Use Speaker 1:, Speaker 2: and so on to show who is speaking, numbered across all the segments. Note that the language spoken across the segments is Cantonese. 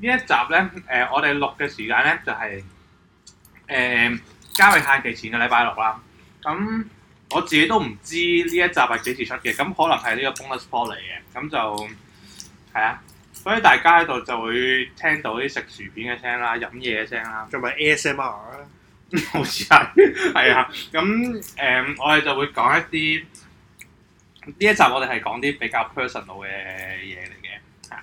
Speaker 1: 呢一集咧，誒、呃，我哋錄嘅時間咧就係、是、誒、呃、交易限期前嘅禮拜六啦。咁、嗯、我自己都唔知呢一集係幾時出嘅，咁、嗯、可能係呢個 bonus part 嚟嘅。咁、嗯、就係啊，所以大家喺度就會聽到啲食薯片嘅聲啦、飲嘢嘅聲啦，仲有 ASMR。好似係，係啊。咁誒，我哋就會講一啲呢一集，我哋係講啲比較 personal 嘅嘢嚟嘅嚇。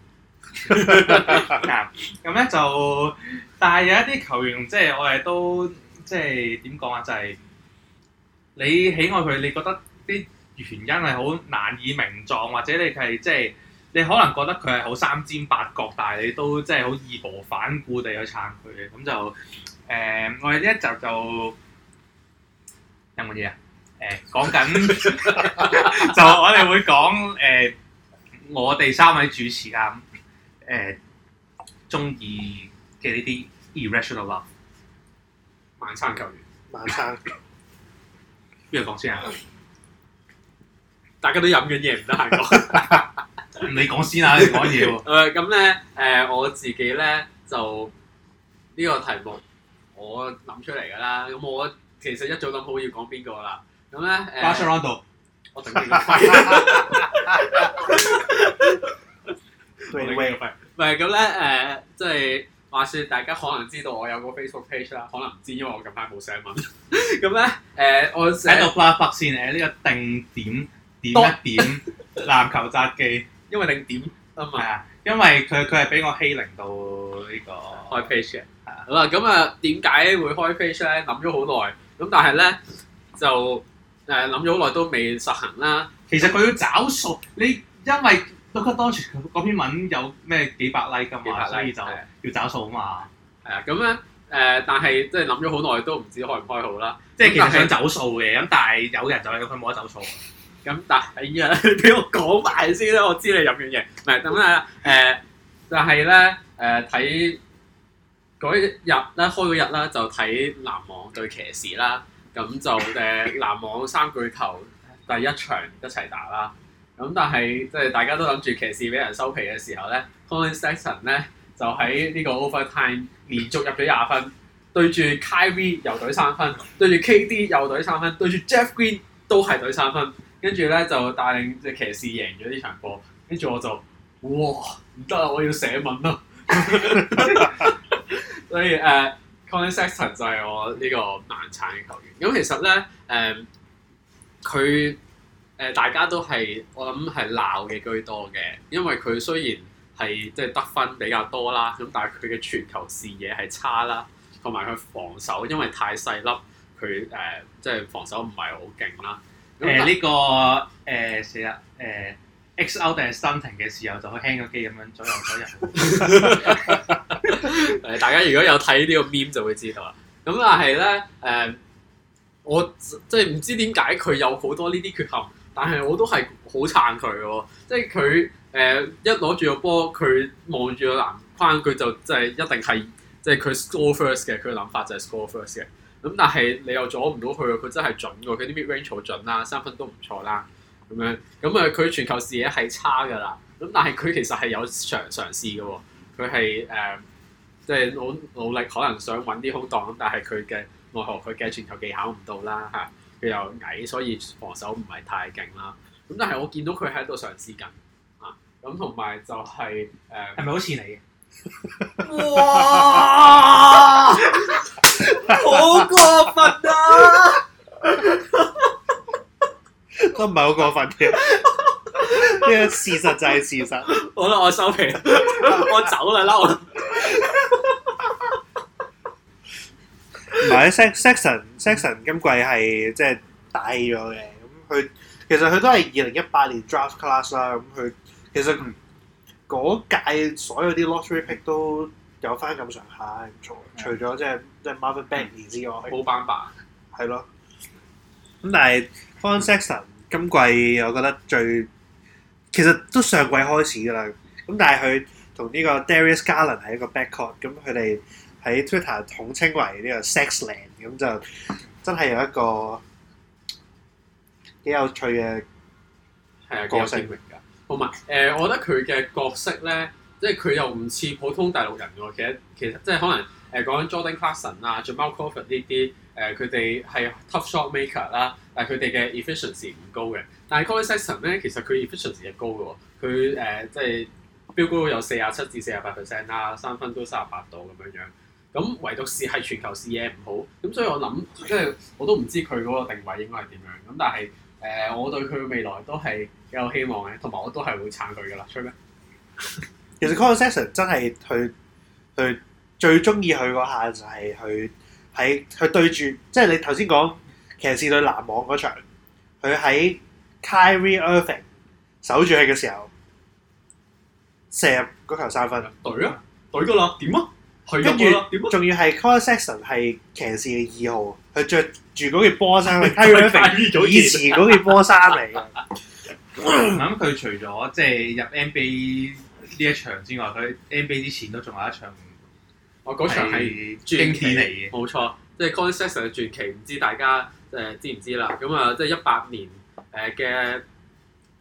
Speaker 1: 咁咁咧就，但係有一啲球員，即係我哋都即係點講啊，就係、是、你喜愛佢，你覺得啲原因係好難以名狀，或者你係即係你可能覺得佢係好三尖八角，但係你都即係好義無反顧地去撐佢嘅。咁就誒、嗯，我哋呢一集就有冇嘢啊？誒、嗯，講緊 就我哋會講誒、嗯，我哋三位主持啊。嗯誒中意嘅呢啲 irrational love 晚餐球員晚餐，邊個講先啊？ 大
Speaker 2: 家都飲緊嘢唔得閒喎！你講先啦，你講嘢喎！咁咧誒我自己咧就呢、呢個題目我諗出嚟㗎啦。咁、嗯、我其實一早諗好要講邊個啦。咁咧誒。b、嗯、a s e l a n d 我等你。唔係咁咧，誒、嗯，即係、呃就是、話説大家可能知道我有個 Facebook page 啦，可能唔知，因為我近排冇寫
Speaker 1: 文。咁咧，誒、呃，我喺度發發現誒呢個定點點一點 籃球札記，因為定點啊嘛，對吧因為佢佢係俾我欺凌到呢、呢個開 page 嘅。的好啦，咁啊，點解會開 page 咧？諗
Speaker 2: 咗好耐，咁但係咧就誒諗咗好耐都未實行啦。其實佢要
Speaker 1: 找數，你因為。都覺得當時嗰篇文有咩幾百 like 噶嘛，百 like, 就的要找數啊嘛。係啊，咁咧誒，但係是即係諗咗好耐都唔知
Speaker 2: 開唔開好啦。即係其實想走數嘅，咁但係有人就走緊佢冇得走數。咁但係啊，俾、哎、我講埋先啦，我知你有冇嘢，唔係咁啊誒，但係咧誒睇嗰日咧開嗰日啦，就睇、是、籃、呃、網對騎士啦。咁就誒籃 網三巨頭第一場一齊打啦。咁但係即係大家都諗住騎士俾人收皮嘅時候咧，Collin Sexton 咧就喺呢個 OverTime 連續入咗廿分，對住 Kyrie 又隊三分，對住 KD 又隊三分，對住 Jeff Green 都係隊三分，跟住咧就帶領騎士贏咗呢場波。跟住我就哇唔得啊！我要寫文啦。所以誒，Collin Sexton 就係我呢個盲撐嘅球員。咁其實咧誒，佢、呃。誒，大家都係我諗係鬧嘅居多嘅，因為佢雖然係即係得分比較多啦，咁但係佢嘅全球視野係差啦，同埋佢防守因為太細粒，
Speaker 1: 佢誒、呃、即係防守唔係好勁啦。
Speaker 2: 誒呢、呃這個
Speaker 1: 誒、呃、是啊，誒 XO 定係三停嘅時候就去 hang 個機咁樣左右左右。誒大家如果有
Speaker 2: 睇呢個 meme 就會
Speaker 1: 知道啦。咁但係咧
Speaker 2: 誒，我即係唔知點解佢有好多呢啲缺陷。但係我都係好撐佢喎，即係佢誒一攞住個波，佢望住個籃框，佢就即係一定係即係、就、佢、是、score first 嘅，佢嘅諗法就係 score first 嘅。咁但係你又阻唔到佢啊？佢真係準㗎，佢啲 mid range 好準啦，三分都唔錯啦，咁樣咁啊佢傳球視野係差㗎啦。咁但係佢其實係有嘗嘗試嘅喎，佢係誒即係努努力可能想揾啲空檔，但係佢嘅奈何佢嘅傳球技巧唔到啦嚇。佢又矮，所以防守唔係太勁啦。咁但係我見到佢喺度嘗試緊啊。咁同埋就係、是、誒，係咪好似你
Speaker 3: 嘅？哇！ 好過分啊！ 都唔係好過分嘅，呢 個事實就係事實。好啦，我收皮，
Speaker 1: 我走啦，
Speaker 2: 撈啦。
Speaker 3: 唔係 sex, Sexton, Sexton 今季係即係大咗嘅。咁、就、佢、是、其實佢都係二零一八年 draft class 啦。咁佢其實嗰屆所有啲 lottery pick 都有翻咁上下，唔除咗、就是 mm hmm. 即係即係 Marvin Bagley 之外，冇板板。係、hmm. 咯他。咁但係 Collin Sexton 今季我覺得最其實都上季開始㗎啦。咁但係佢同呢個 Darius Garland 係一個 backcourt，咁佢哋。喺 Twitter 統稱為呢個 Sexland，咁就真係有一個幾有趣嘅係啊角色㗎，
Speaker 2: 唔咪誒，我覺得佢嘅角色咧，即係佢又唔似普通大陸人喎。其實其實即係可能誒講緊 Jordan Clarkson 啊，Jamal Crawford 呢啲誒佢、呃、哋係 Tough Shot Maker 啦、啊，但係佢哋嘅 Efficiency 唔高嘅。但係 Collin Sexton 咧，其實佢 Efficiency 係高嘅，佢誒、呃、即係標高有四廿七至四廿八 percent 啦，三、啊、分都三十八度咁樣樣。咁唯獨是係全球視野唔好，咁所以我諗，即係我都唔知佢嗰個定位應該係點樣。咁但係，誒、呃，我對佢未來都係幾有希望嘅，同埋我都係會撐佢噶啦，吹咩？
Speaker 3: 其實 Concession 真係佢佢最中意佢嗰下就係佢喺佢對住，即係你頭先講騎士對籃網嗰場，佢喺 Kyrie Irving 守住佢嘅時候，射入嗰球三分啊！對啊，對噶啦，點啊？跟住仲要係 Collin Sexton 係騎士嘅二號，佢着住嗰件波衫，係 Kyrie 以前嗰件波衫嚟。
Speaker 1: 咁佢、 嗯、除咗即係入 NBA 呢一場之外，佢 NBA 之前都仲有一場，我
Speaker 2: 嗰場係傳奇嚟嘅。
Speaker 1: 冇錯，即係 Collin Sexton 嘅傳
Speaker 2: 奇，唔、就是、知大家誒、呃、知唔知啦？咁啊、呃就是呃，即係一八年誒嘅，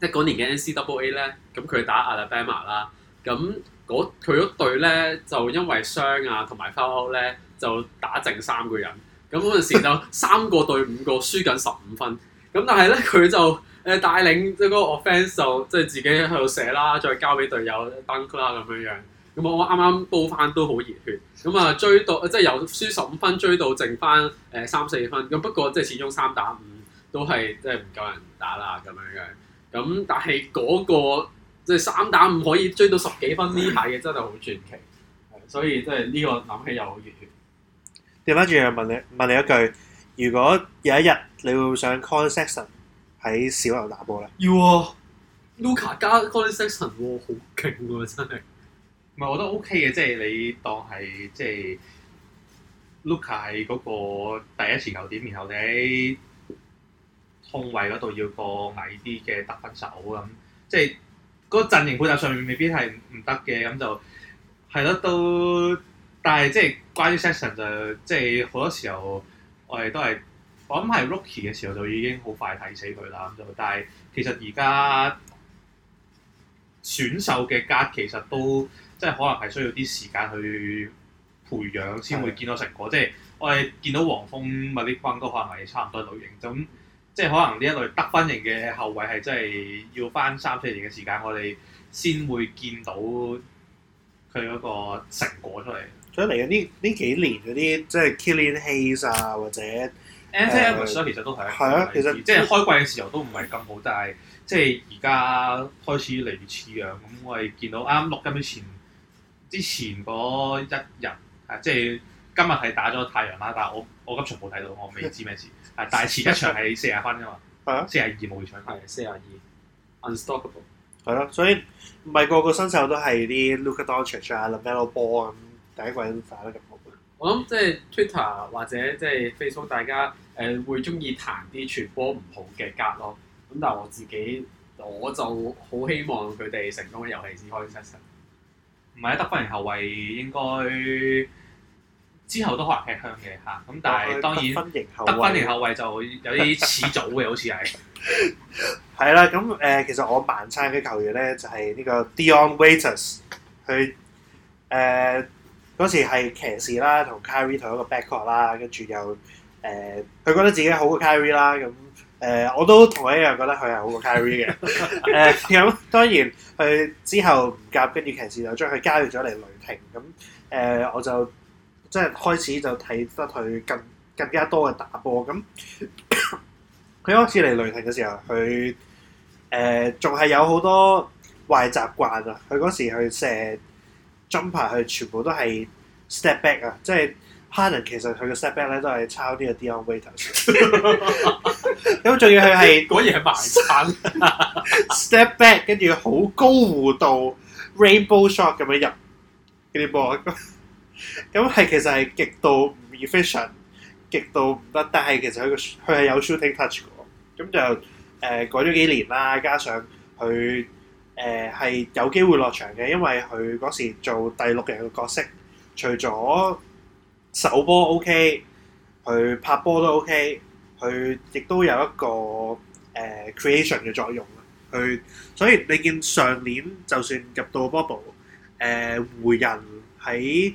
Speaker 2: 即係嗰年嘅 NCAA 咧，咁佢打 Alabama 啦，咁。佢嗰、那個、隊咧就因為傷啊同埋 foul out 咧就打剩三個人，咁嗰陣時就三個對五個輸緊十五分，咁但係咧佢就誒帶領即係個 offense 就即係自己喺度射啦，再交俾隊友 dunk 啦咁樣樣。咁我啱啱煲翻都好熱血，咁啊追到即係、就是、由輸十五分追到剩翻誒三四分。咁不過即係始終三打五都係即係唔夠人打啦咁樣樣。咁但係嗰、那個。即三打五可以追到十幾分呢排嘅真係好傳奇， 所以即係呢個諗起又好熱血。
Speaker 3: 調翻轉又問你問你一句：如果有一日你會上 Collin Sexton 喺小牛打波咧？要、哎哦、
Speaker 2: 啊，Luka 加 Collin Sexton 好
Speaker 1: 勁噶，真係。唔係，我覺得 O K 嘅，即、就、係、是、你當係即係、就是、Luka 係嗰個第一傳球點，然後喺控衛嗰度要個矮啲嘅得分手咁，即係。就是嗰個陣型配合上面未必係唔得嘅，咁就係咯，都但係即係關於 session 就即係好多時候我哋都係，我諗係 Rookie 嘅時候就已經好快睇死佢啦，咁就但係其實而家選手嘅家其實都即係可能係需要啲時間去培養先會見到成果，的即係我哋見到黃蜂麥迪芬都可能係差唔多類型，就咁。即係可能呢一類得分型嘅後衞係真係要翻三四年嘅時間，我哋先會見到佢嗰個
Speaker 3: 成果出嚟。出嚟啊！呢呢幾年嗰啲即係 Killian Hayes 啊，或者 Anthony 其
Speaker 1: 實都係。係啊，其實即係開季嘅時候都唔係咁好，但係即係而家開始嚟似樣。咁我哋見到啱啱錄音之前之前嗰一日啊，即係。今日係打咗太陽啦，但係我我今場冇睇到，我
Speaker 3: 未知咩事。係，但係大前一場係四十分㗎嘛，四十二冇入場。係四十二，unstoppable。係咯，所以唔係個個新手都係啲 Luka Doncic 啊、LeBron Ball 咁， 啊、第一季都打得咁好，
Speaker 2: 我諗即係 Twitter 或者即係 Facebook，大家誒、呃、會中意彈啲傳波唔好嘅格咯。咁但係我自己，我就好希望佢哋成功遊戲，嘅尤先是以出塞。唔係啊，得分人後衛
Speaker 1: 應該。之後都可能吃香嘅嚇，咁但係當然得分型後衞 就有啲始
Speaker 3: 祖嘅好似係，係啦、 嗯。咁誒其實我盲撐嘅球員咧就係呢個 Dion Waiters，佢誒嗰、呃、時係騎士啦，同 Kyrie 同一個 backcourt 啦，跟住又誒佢覺得自己好、呃、得好過 Kyrie 啦，咁誒我都同一樣覺得佢係好過 Kyrie 嘅。誒咁當然佢之後唔夾，跟住騎士就將佢交易咗嚟雷霆。咁、嗯、誒、呃、我就。即係開始就睇得佢更更加多嘅打波，咁佢開始嚟雷霆嘅時候，佢誒仲係有好多壞習慣啊！佢嗰時去射 jumper 佢全部都係 step back 啊！即係 Harden，其實佢嘅 step back 咧都係抄呢個 Dion Waiters 咁仲要佢係然嘢盲撐，step back，跟住好高弧度 rainbow shot 咁樣入啲波。 咁係其實係極度唔 efficient，極度唔得，但係其實佢個佢係有 shooting touch 嘅，咁就誒改咗幾年啦，加上佢誒係有機會落場嘅，因為佢嗰時做第六人嘅角色，除咗首波 OK，佢拍波都 OK，佢亦都有一個誒、呃、creation 嘅作用，佢所以你見上年就算入到 bubble，誒、呃、湖人喺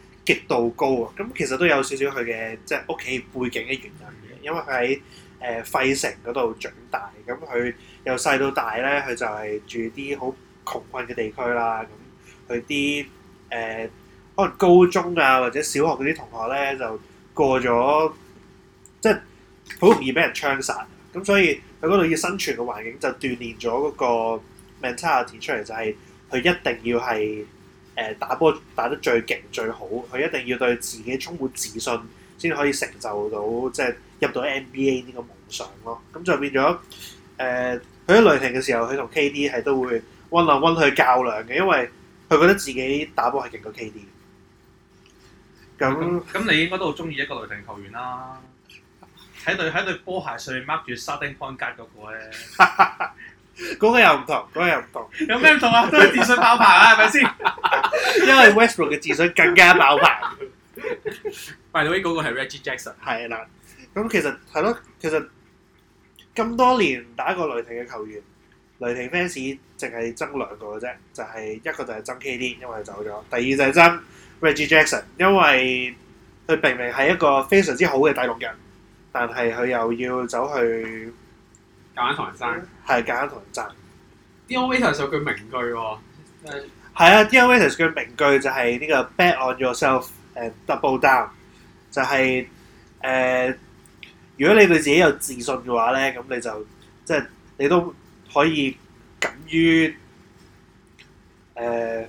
Speaker 3: 極度高啊！咁其實都有少少佢嘅即係屋企背景嘅原因嘅，因為佢喺誒費城嗰度長大，咁佢由細到大咧，佢就係住啲好窮困嘅地區啦。咁佢啲誒可能高中啊或者小學嗰啲同學咧，就過咗即係好容易俾人槍殺。咁所以佢嗰度要生存嘅環境就鍛鍊咗嗰個 mentality 出嚟，就係佢一定要係。誒打波打得最勁最好，佢一定要對自己充滿自信，先可以成就到即係入到 NBA 呢個夢想咯。咁就變咗誒，佢、呃、喺雷霆嘅時候，佢同 KD 係都會 one on one 去較量嘅，因為佢覺得自己打波係勁過 KD。咁
Speaker 1: 咁，你應該都好中意一個雷霆球員啦，喺對喺對波鞋上面 mark 住沙丁方格嗰個嘅。
Speaker 3: 嗰個又唔同，嗰、嗰個又唔同，有咩唔同啊？都係自信爆棚啊，係咪先？ 因為 Westbrook、ok、嘅自信更加爆棚、
Speaker 1: right。
Speaker 2: By the way，嗰個係 Reggie Jackson，係啦。
Speaker 3: 咁其實係咯，其實咁多年打過雷霆嘅球員，雷霆 fans 淨係憎兩個嘅啫，就係、是、一個就係憎 KD，因為佢走咗；第二就係憎 Reggie Jackson，因為佢明明係一個非常之好嘅大陸人，但係佢又要走去。
Speaker 2: 夾硬同
Speaker 3: 人爭，係夾硬同人爭。
Speaker 2: 啲
Speaker 3: Waiters 有句名句、哦，係、就是、啊，Waiters 句名句就係呢、這個 Bet on yourself，誒，double down，就係、是、誒、呃，如果你對自己有自信嘅話咧，咁你就即係、就是、你都可以敢於誒，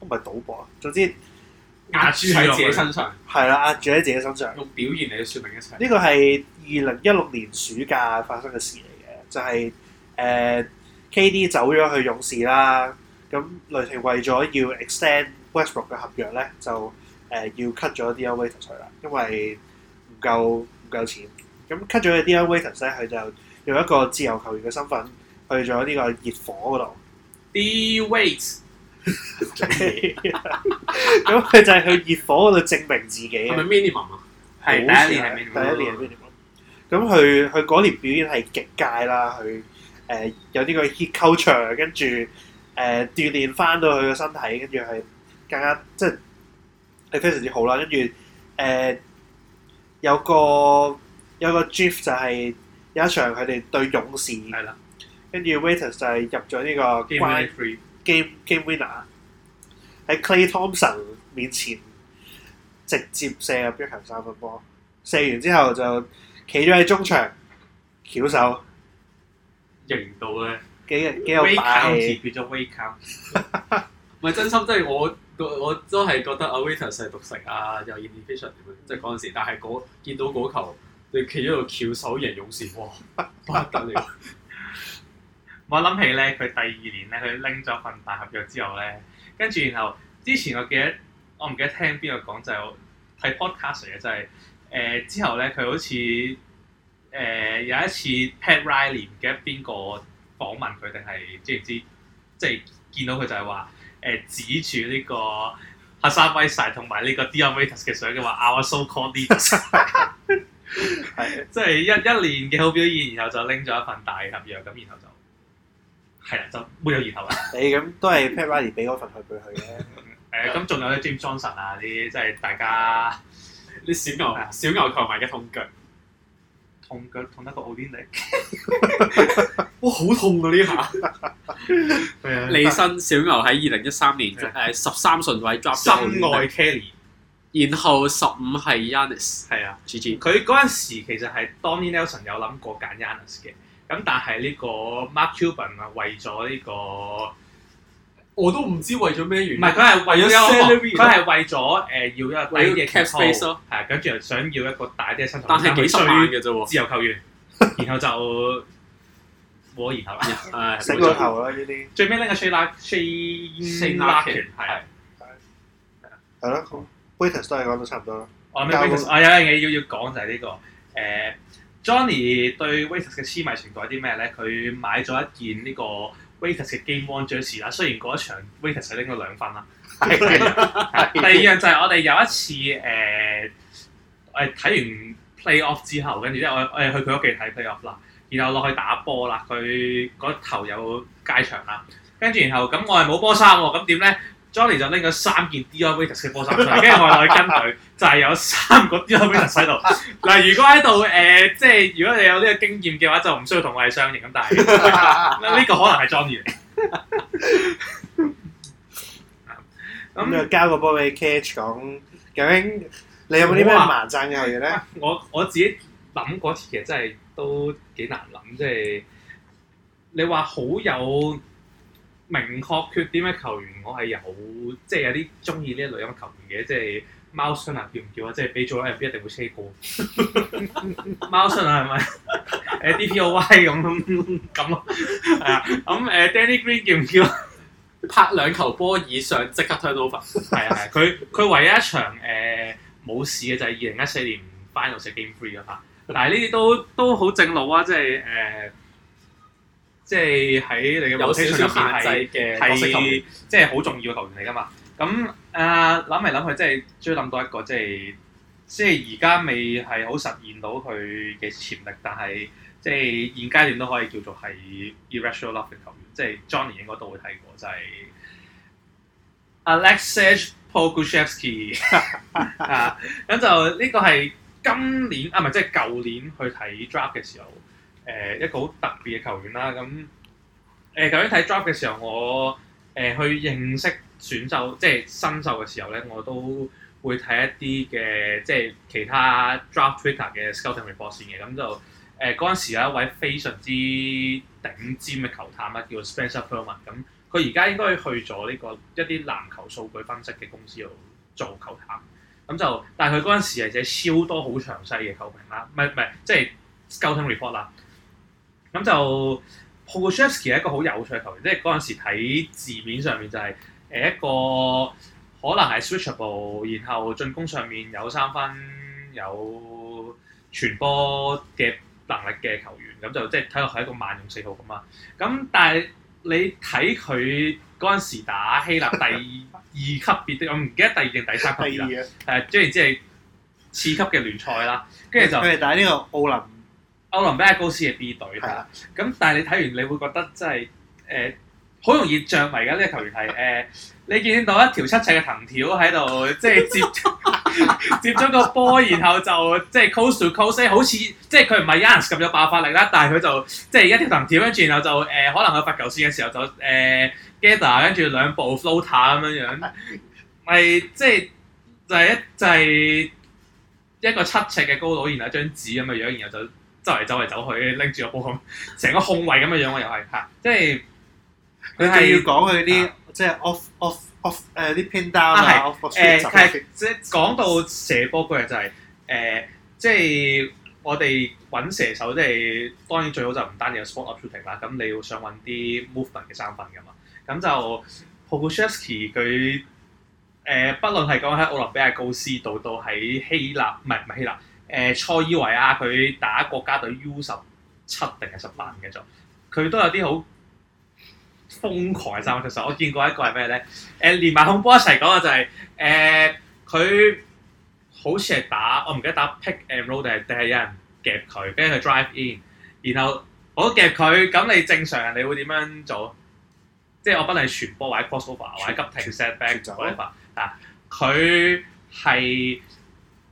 Speaker 3: 都唔係賭博啊，總之壓住喺自己身上，係啦，壓住喺自己身上，啊、身上用表現嚟去說明一切。呢個係。二零一六年暑假發生嘅事嚟嘅，就係、是、誒、呃、KD 走咗去勇士啦。咁雷霆為咗要 extend Westbrook、ok、嘅合約咧，就誒、呃、要 cut 咗啲 waiter 出嚟啦，因為唔夠唔夠錢。咁 cut 咗啲 waiter 出嚟，佢就用一個自由球員嘅身份去咗呢個熱火嗰度。D wait 咁佢就係去熱火嗰度證明自己。係咪 minimum 啊
Speaker 1: 像？係第一年係
Speaker 3: minimum。 咁佢佢嗰年表演係極界啦，佢誒、呃、有呢個 hit culture，跟住誒、呃、鍛鍊翻到佢個身體，跟住係更加即係非常之好啦。跟住誒、呃、有個有個 g r i f 就係有一場佢哋對勇士，係啦的，跟住 waiters 就係入咗呢、這個 game game game winner 喺 Clay Thompson 面前直接射入一 r 三分波，射完之後就。企咗喺中場，翹手，
Speaker 1: 型到咧，幾幾有擺。We call 變咗 We call
Speaker 2: 唔係真心，即係我我都係覺得 Waiters 係獨食啊，又 imagination 即
Speaker 1: 係嗰陣時。但係嗰見到嗰球，佢企咗度翹手形勇士喎，不得了！我諗起咧，佢第二年咧，佢拎咗份大合約之後咧，跟住然後之前我記得我唔記得聽邊個講就係我睇 podcast 嘅就係。誒之後咧，佢好似誒、呃、有一次 Pat Riley 唔記得邊個訪問佢定係知唔知？即係見到佢就係話誒指住呢個 Hassan Whiteside 同埋呢個 Dion Waiters 嘅相嘅話
Speaker 3: ，our so-called Dion，即係
Speaker 1: 一一年嘅好表現，然後就拎咗一份大合約，咁然後就係啦，就冇有然後啦。
Speaker 3: 你咁都係 Pat Riley 俾嗰份去佢佢嘅。
Speaker 1: 誒咁仲有咧 James Johnson 啊啲，即係大家。
Speaker 2: 啲小牛小牛球迷嘅痛腳，
Speaker 1: 痛腳痛得個奧連尼，
Speaker 2: 哇好痛啊呢下！李生 小牛喺
Speaker 1: 二零一三年誒 十三順位 drop，深愛 Kelly，然後十五係 Yanis，係啊，佢嗰陣時其實係當年 Nelson 有諗過揀 Yanis 嘅，咁但係呢個 Mark Cuban 為咗呢、呢個。我
Speaker 2: 都唔知為咗咩原因。唔係佢係為咗
Speaker 1: 佢係為咗誒、呃、要一個低嘅 cap space 咯。係啊，跟住又想要一個大啲嘅身材，但係幾十萬嘅啫喎，自由球員，
Speaker 3: 然後就我
Speaker 1: 然、啊、後誒，四咗球啦呢啲。最尾拎個 shy lock，shy lock 嘅係係咯
Speaker 3: ，waiters 都係講到差唔多啦。
Speaker 1: 我、啊、有樣嘢要要講就係呢、呢個誒、呃、Johnny 對 waiters 嘅痴迷程度係啲咩咧？佢買咗一件呢、呢個。Waiters 嘅 game on 爵士啦，雖然嗰一場 Waiters 就拎咗兩分啦。第二樣就係我哋有一次誒誒睇完 play off 之後，跟住之後我哋去佢屋企睇 play off 啦，然後落去打波啦，佢嗰頭有街場啦，跟住然後咁我係冇波衫喎，咁點咧？Johnny 就拎咗三件 Dior Venus 嘅波衫出嚟，跟住我再去跟佢，就係、是、有三個 Dior Venus 喺度。嗱，如果喺度誒，即係如果你有呢個經驗嘅話，就唔需要同我哋相認咁，但係呢 個可能係 Johnny 嚟。
Speaker 3: 咁又交個波俾 Catch 講，究竟你有冇啲咩盲撐嘅
Speaker 1: 嘢咧？我我自己諗嗰次其實真係都幾難諗，即、就、係、是、你話好有。明確缺點嘅球員，我係有即係有啲中意呢類型嘅球員嘅，即係 Moulson 啊，叫唔叫啊？即係俾咗 AP 一定會 cheaper Moulson 啊，係咪？誒 DPOY 咁咁咯，係啊。咁誒 Danny Green 叫唔叫？拍兩球波以上即刻推到 over 佢，佢唯一一場誒冇、呃、事嘅就係二零一四年 final 嘅 game three 啊嘛。但係呢啲都都好正路啊，即係誒。呃即係喺你嘅有少少限制嘅角色球員，即係好重要嘅球員嚟噶嘛。咁啊諗嚟諗去，即係追諗多一個，即係即係而家未係好實現到佢嘅潛力，但係即係現階段都可以叫做係 irrational love 嘅球員。即係 Johnny 應該都會睇過，就係 Alexei Pogushevsky。咁就呢個係今年啊，唔係即係舊年去睇 Draft 嘅時候。誒、呃、一個好特別嘅球員啦，咁誒咁樣睇 draft 嘅時候，我誒、呃、去認識選秀，即係新秀嘅時候咧，我都會睇一啲嘅即係其他 draft Twitter 嘅 scouting report 先嘅，咁、嗯、就誒嗰陣時有一位非常之頂尖嘅球探啦，叫 Spencer Pearlman 咁，佢而家應該去咗呢個一啲籃球數據分析嘅公司度做球探，咁、嗯、就但係佢嗰陣時係寫超多好詳細嘅球評啦，唔係唔係即係 scouting report 啦。咁就 Pokusevski 係一個好有趣嘅球員，即係陣時睇字面上面就係誒一個可能係 switchable，然後進攻上面有三分有傳波嘅能力嘅球員，咁就即係睇落係一個萬用四號咁啊！咁但係你睇佢陣時打希臘第二級別， 我唔記得第二定第三級啦，誒即係即係次級嘅聯賽啦，跟住就佢哋 打呢、這個奧林。可能奧林比亞高斯嘅 B 隊啦，咁的但係你睇完你會覺得真係誒好容易着迷㗎啲、這個、球員係誒、呃、你見到一條七尺嘅藤條喺度，即係接 接咗個波，然後就即係 coast to coast 好似即係佢唔係 Giannis 咁有爆發力啦，但係佢就即係一條藤條，跟住然後就誒、呃、可能佢發球線嘅時候就誒 gather 跟住兩步 float 咁樣樣，係即係就係、是就是就是就是、一就係、是、一個七尺嘅高度，然後一張紙咁嘅樣，然後就。周圍走嚟走去拎住個波，
Speaker 3: 成個控衛咁嘅樣，我又係嚇，即係佢要講佢啲即係 off off off 誒啲 pin down o 啊，係 Off，Off，即係講
Speaker 1: 到射波嗰日就係、是、誒、啊，即係我哋揾射手，即係當然最好就唔單止有 spot up shooting 啦，咁你要想揾啲 movement 嘅三分噶嘛，咁就 Pokusevski 佢誒，不論係講喺奧林比亞高斯度到喺希臘，唔係唔係希臘。誒塞爾維亞佢打國家隊 U 十七定係十八唔記得咗，佢都有啲好瘋狂嘅三分。其實我見過一個係咩咧？誒、呃、連埋控波一齊講嘅就係誒佢好似係打我唔記得打，打 pick and roll 定係定係有人夾佢，跟住佢 drive in。然後我夾佢，咁你正常人你會點樣做？即係我幫你傳波，或者 cross over，或者急停 set back over 走。啊，佢係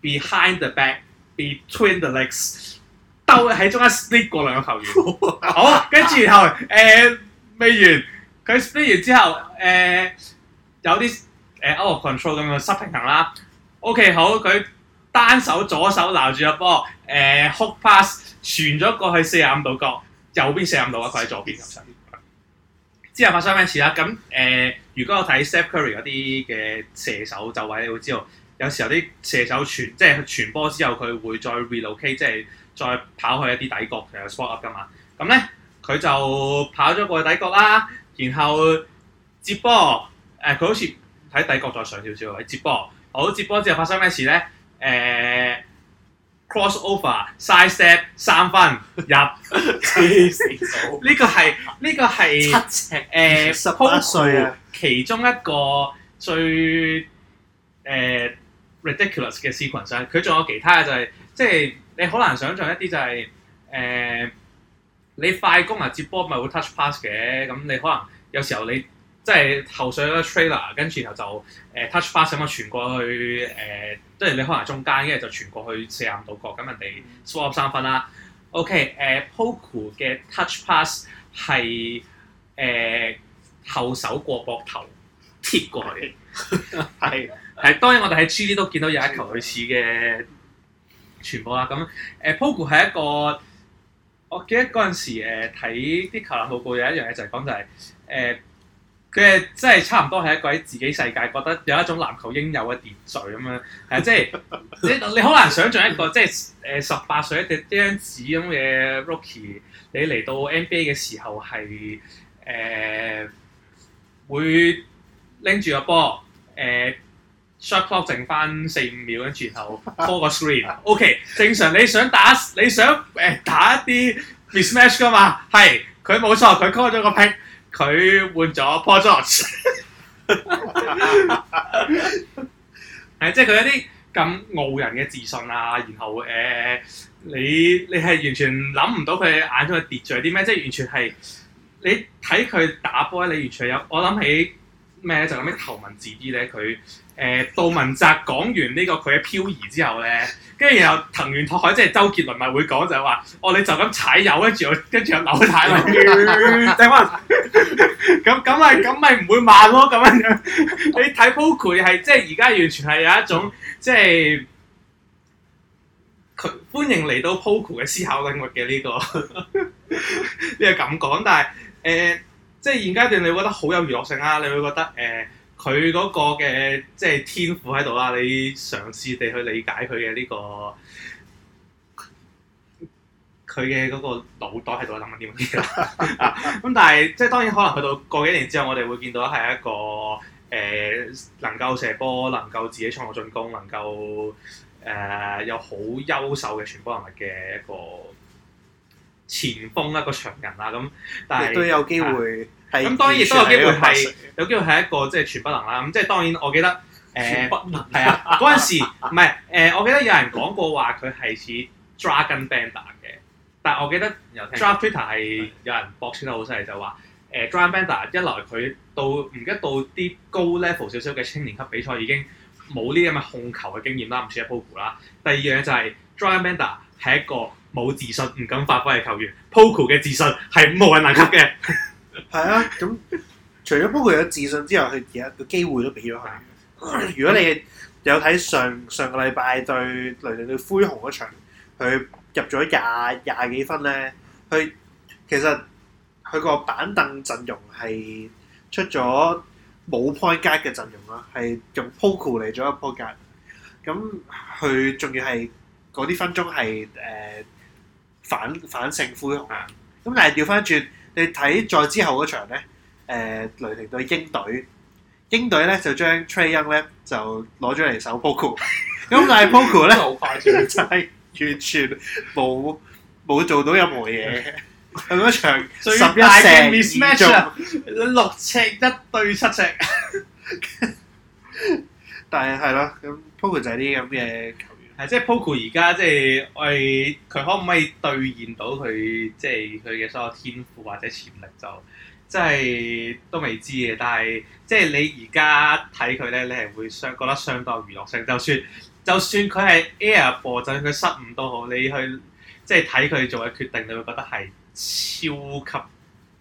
Speaker 1: behind the back。Between the legs，兜喺 中間 split 過兩個球員， 好啊。跟住然後誒、呃、未完，佢 split 完之後誒、呃、有啲誒、呃、out of control 咁樣嘅失平衡啦。OK 好，佢單手左手攬住個波，誒、呃、hook pass 傳咗過去四十五度角，右邊四十五度啊，佢喺左邊入身。之 後發生咩事啦、啊？咁誒、呃，如果我睇 Steph Curry 嗰啲嘅射手就位，你會知道。有時候啲射手傳即係傳波之後，佢會再 relocate 即係再跑去一啲底角成日 spot up 噶嘛。咁咧佢就跑咗過去底角啦，然後接波。誒、呃、佢好似喺底角再上少少，喺接波。好接波之後發生咩事咧？誒、呃、cross over side step 三分入。呢個係呢、呢個係七尺誒，呃歲啊、包括其中一個最誒。呃 ridiculous 嘅 sequence，佢仲有其他嘅就係、是，即係你好難想像一啲就係、是，誒、呃，你快攻啊接波咪會 touch pass 嘅，咁你可能有時候你即係後上個 trailer，跟住然後就誒、呃、touch pass 咁樣傳過去，誒、呃，即係你可能中間，因為就傳過去射籃到角，咁人哋 spot up 三分啦。OK，誒、呃、Poku 嘅 touch pass 係誒、呃、後手過膊頭貼過去，係。係當然，我哋喺 G 聯都見到有一球類似嘅傳播啦。咁誒、呃、Pogo 係一個，我記得嗰陣時睇啲、呃、球探報告有一樣嘢就係講就係誒，佢、呃、係真係差唔多係一個喺自己世界覺得有一種籃球應有嘅秩序咁樣。係啊， 即、就、係、是、你你好難想象一個即係誒十八歲一隻一張紙咁嘅 Rookie，你嚟到 NBA 嘅時候係誒、呃、會拎住個波誒。呃 s h o t clock 剩翻四五秒，跟住後 call 個 screen。 O.K. 正常你想打你想誒、呃、打一啲 m i s m a t c h 噶嘛？係，佢冇錯，佢 call 咗個 pick，佢換咗 Paul George。即係佢一啲咁傲人嘅自信啊，然後誒、呃、你你係完全諗唔到佢眼中嘅秩序係啲咩？即係完全係你睇佢打波，你完全有我諗起咩？就諗起頭文字 D 咧，佢。誒、呃、杜汶澤講完呢個佢嘅漂移之後咧，跟住然後藤原拓海即係周杰倫咪會講就係話：哦，你就咁踩油跟住跟住就扭軚啦！咁咁咪咁咪唔會慢咯咁樣樣。你睇 p o k 係即係而家完全係有一種即係佢歡迎嚟到 p o 嘅思考領域嘅呢、這個呢個咁講。但係誒、呃，即係現階段你會覺得好有娛樂性啊！你會覺得誒。呃佢嗰個嘅即係天賦喺度啦，你嘗試地去理解佢嘅呢個佢嘅嗰個腦袋喺度諗緊啲乜嘢啦。咁、 嗯、但係即係當然可能去到過幾年之後，我哋會見到係一個誒、呃、能夠射波、能夠自己創造進攻、能夠誒、呃、有好優秀嘅傳波能力嘅一個前鋒，一個長人啦。咁、嗯、但係都有機
Speaker 3: 會。啊。咁、嗯、當然亦
Speaker 1: 都有機會係是有機會係是一個即係、就是、全不能啦。咁、嗯、即係當然，我記得誒、嗯、不能係 啊嗰陣時唔係誒，我記得有人講過話佢係似 Dragan Bender 嘅，但係我記得又聽 Dragan Twitter 係是是有人駁穿得好犀利，就話誒、呃、Dragan Bender 一來佢到而家到啲高 level 少少嘅青年級比賽已經冇呢啲咁嘅控球嘅經驗啦，唔似得 Poco 啦。第二樣就係、是、Dragan Bender 係一個冇自信、唔敢發揮嘅球員，Poco 嘅自信係無人能及嘅。
Speaker 3: 係 啊，咁除咗 Poku 有自信之外，佢而家個機會都俾咗佢。
Speaker 1: 如果你
Speaker 3: 有睇上上個禮拜對雷霆對灰熊嗰場，佢入咗廿廿幾分咧，佢其實佢個板凳陣容係出咗冇 point guard 嘅陣容啦，係用 Poku 嚟咗一 point guard。咁佢仲要係嗰啲分鐘係誒反反勝灰熊啊。咁的但係調翻轉。你睇再之後嗰場咧，誒、呃、雷霆對鷹隊，鷹隊咧就將 Tray Young 咧就攞咗嚟守 Poco，咁但係 Poco 咧就係 完全冇冇做到任何嘢，係嗰 場十一勝六尺一對七尺， 但係係咯，咁 Poco 就係啲咁嘅。嗯係，即
Speaker 1: 係 Poco 而家即係，佢、哎、可唔可以兌現到佢即係佢嘅所有天賦或者潛力就，就即係都未知嘅。但係即係你而家睇佢咧，你係會相覺得相當娛樂性。就算就算佢係 Air 播陣，就算佢失誤都好，你去即係睇佢做嘅決定，你會覺得係超級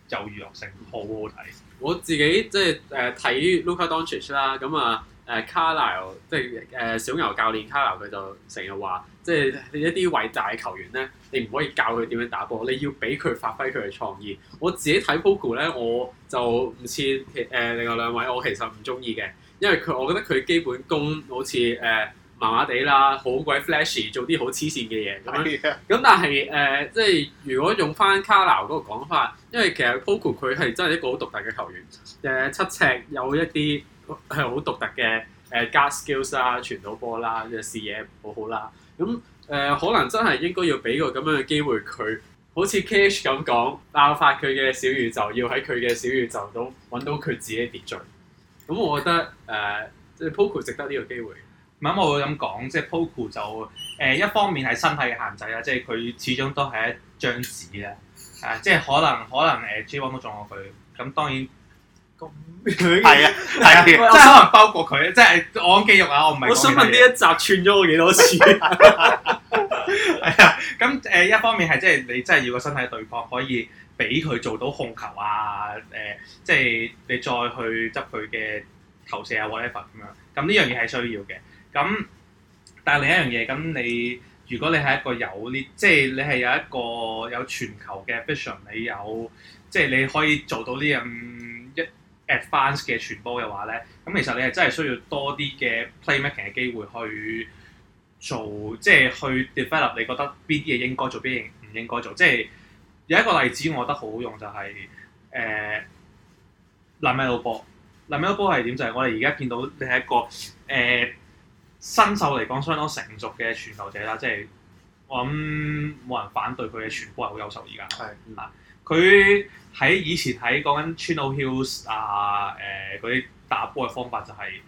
Speaker 1: 有娛樂性，好好睇。我自己即係誒睇
Speaker 2: Luka Doncic 啦，咁、嗯、啊。誒 Carlisle 即係誒小牛教練 Carlisle，佢就成日話，即係一啲偉大嘅球員咧，你唔可以教佢點樣打波，你要俾佢發揮佢嘅創意。我自己睇 Poku 咧，我就唔似誒另外兩位，我其實唔中意嘅，因為佢我覺得佢基本功好似誒麻麻地啦，好鬼 flashy，做啲好黐線嘅嘢咁咁但係誒，uh, 即係如果用翻 Carlisle 嗰個講法，因為其實 Poku 佢係真係一個好獨特嘅球員，誒七尺有一啲。係好獨特嘅誒，加 skills 啦、啊，傳到波啦、啊，嘅視野好好、啊、啦。咁、嗯、誒、呃，可能真係應該要俾個咁樣嘅機會佢，好似 K.H. 咁講，爆發佢嘅小宇宙，要喺佢嘅小宇宙度揾到佢自己秩序。咁、嗯、
Speaker 1: 我覺得即係、呃就是、Poco 值得呢個機會。唔係我會咁講，即係 Poco 就誒、是呃，一方面係身體嘅限制啦，即係佢始終都係一張紙啦。誒、啊，即、就、係、是、可能可能誒，J1 都撞過佢，咁當然。
Speaker 3: 咁係啊，係啊，即係可能
Speaker 1: 包括佢，即係我講肌肉啊，我唔係。我想問呢一集串咗我幾多次？係 啊，咁誒、呃，一方面係即係你真係要個身體對抗，可以俾佢做到控球啊，誒、呃，即、就、係、是、你再去執佢嘅投射啊，whatever 咁樣。咁呢樣嘢係需要嘅。咁但係另一樣嘢，咁你如果你係一個有呢，即、就、係、是、你係有一個有全球嘅 vision，你有即係、就是、你可以做到呢樣一。Advance 嘅傳播嘅話咧，咁其實你係真係需要多啲嘅 playmaking 嘅機會去做，即係去 develop。你覺得邊啲嘢應該做，邊啲唔應該做？即係有一個例子，我覺得好好用就係誒 LaMelo Ball。LaMelo Ball 係點？就係我哋而家見到你係一個誒新秀嚟講相當成熟嘅傳球者啦，即係我諗冇人反對佢嘅傳播係好優秀而家。係啊的，佢。喺以前喺講緊 Chino Hills 啊，誒嗰啲打波嘅方法就係、是，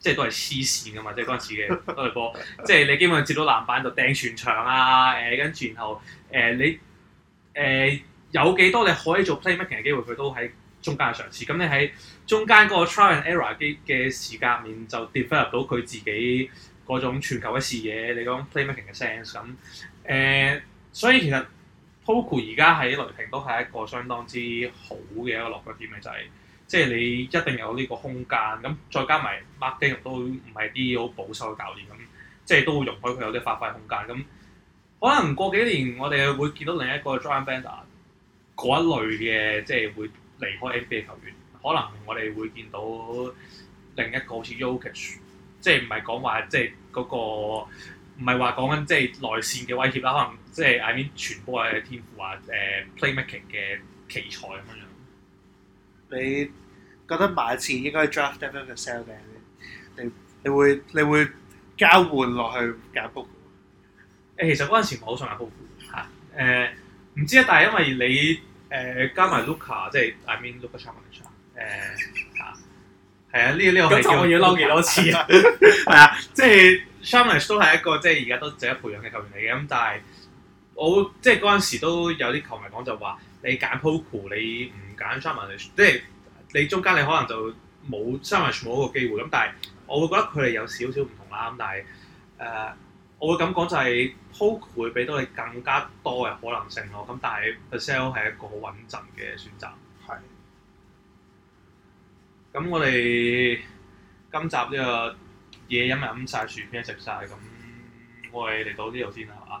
Speaker 1: 即係都係黐線噶嘛，即係嗰陣時嘅都係波， 即係你基本上接到籃板就掟全場啊，誒跟住然後誒、呃、你誒、呃、有幾多你可以做 playmaking 嘅機會，佢都喺中間嘅嘗試。咁你喺中間嗰個 trial and error 嘅時間面就 develop 到佢自己嗰種全球嘅視野，你講 playmaking 嘅 sense 咁誒、呃，所以其實。包括而家喺雷霆都係一個相當之好嘅一個落腳點嘅就係，即係你一定有呢個空間，咁再加埋麥基都唔係啲好保守嘅教練，咁即係都會容許佢有啲發揮空間，咁可能過幾年我哋會見到另一個 Draymond
Speaker 3: 嗰一類嘅
Speaker 1: 即係會離開 NBA 球員，可能我哋會見到另一個似 Joakim 即係唔係講話即係嗰個唔係話講緊即係內綫嘅威脅啦，可能。即係 I mean 傳播嘅天賦啊！誒，playmaking
Speaker 3: 嘅奇才咁樣樣。你覺得馬刺應該 draft Stephen Russell 嘅？你你會你會交換落去教 book？誒，其實嗰陣時唔係好想教 book 嚇，誒，唔知 啊！知但係因為你
Speaker 1: 誒、呃、加埋 Luka，即係 I mean Luka Challenge 誒嚇，係啊！呢個呢個係我要嬲幾多次啊！係啊！即係 Challenge 都係一個即係而家都值得培養嘅球員嚟嘅咁，但係。我即係嗰陣時都有啲球迷講就話你揀 Poco 你唔揀 t h a v e l l n 即係你中間你可能就冇 t h a v e l l n 冇嗰個機會咁，但係我會覺得佢哋有少少唔同啦咁，但係誒、呃、我會咁講就係、是、Poco 會俾到你更加多嘅可能性咯，咁但係 Pascal 係一個好穩陣嘅選擇。係是。咁我哋今集呢個嘢飲咪飲晒薯片食晒？咁我哋嚟到呢度先啦，嚇！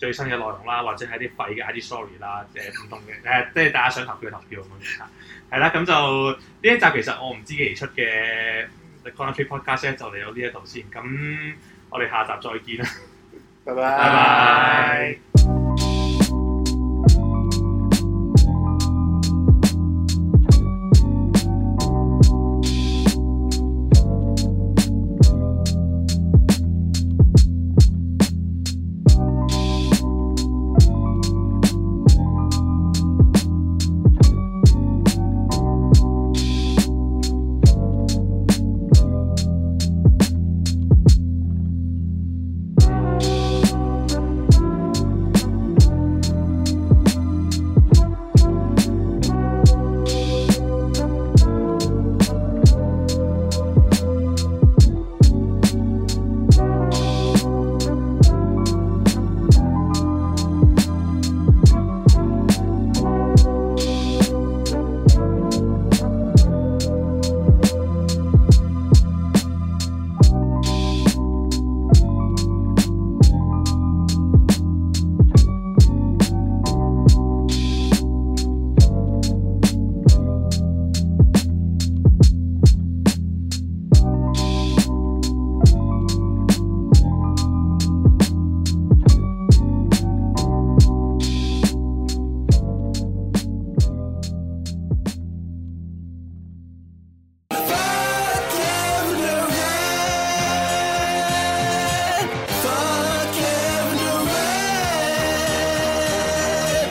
Speaker 1: 最新嘅內容啦，或者係啲廢嘅 ID sorry 啦，誒唔同嘅誒、呃，即係大家想投票投票咁樣啊，係啦，咁就呢一集其實我唔知幾時出嘅，The Coffee Podcast 就嚟到呢一度先，咁我哋下集再見啦，
Speaker 3: 拜拜，拜拜。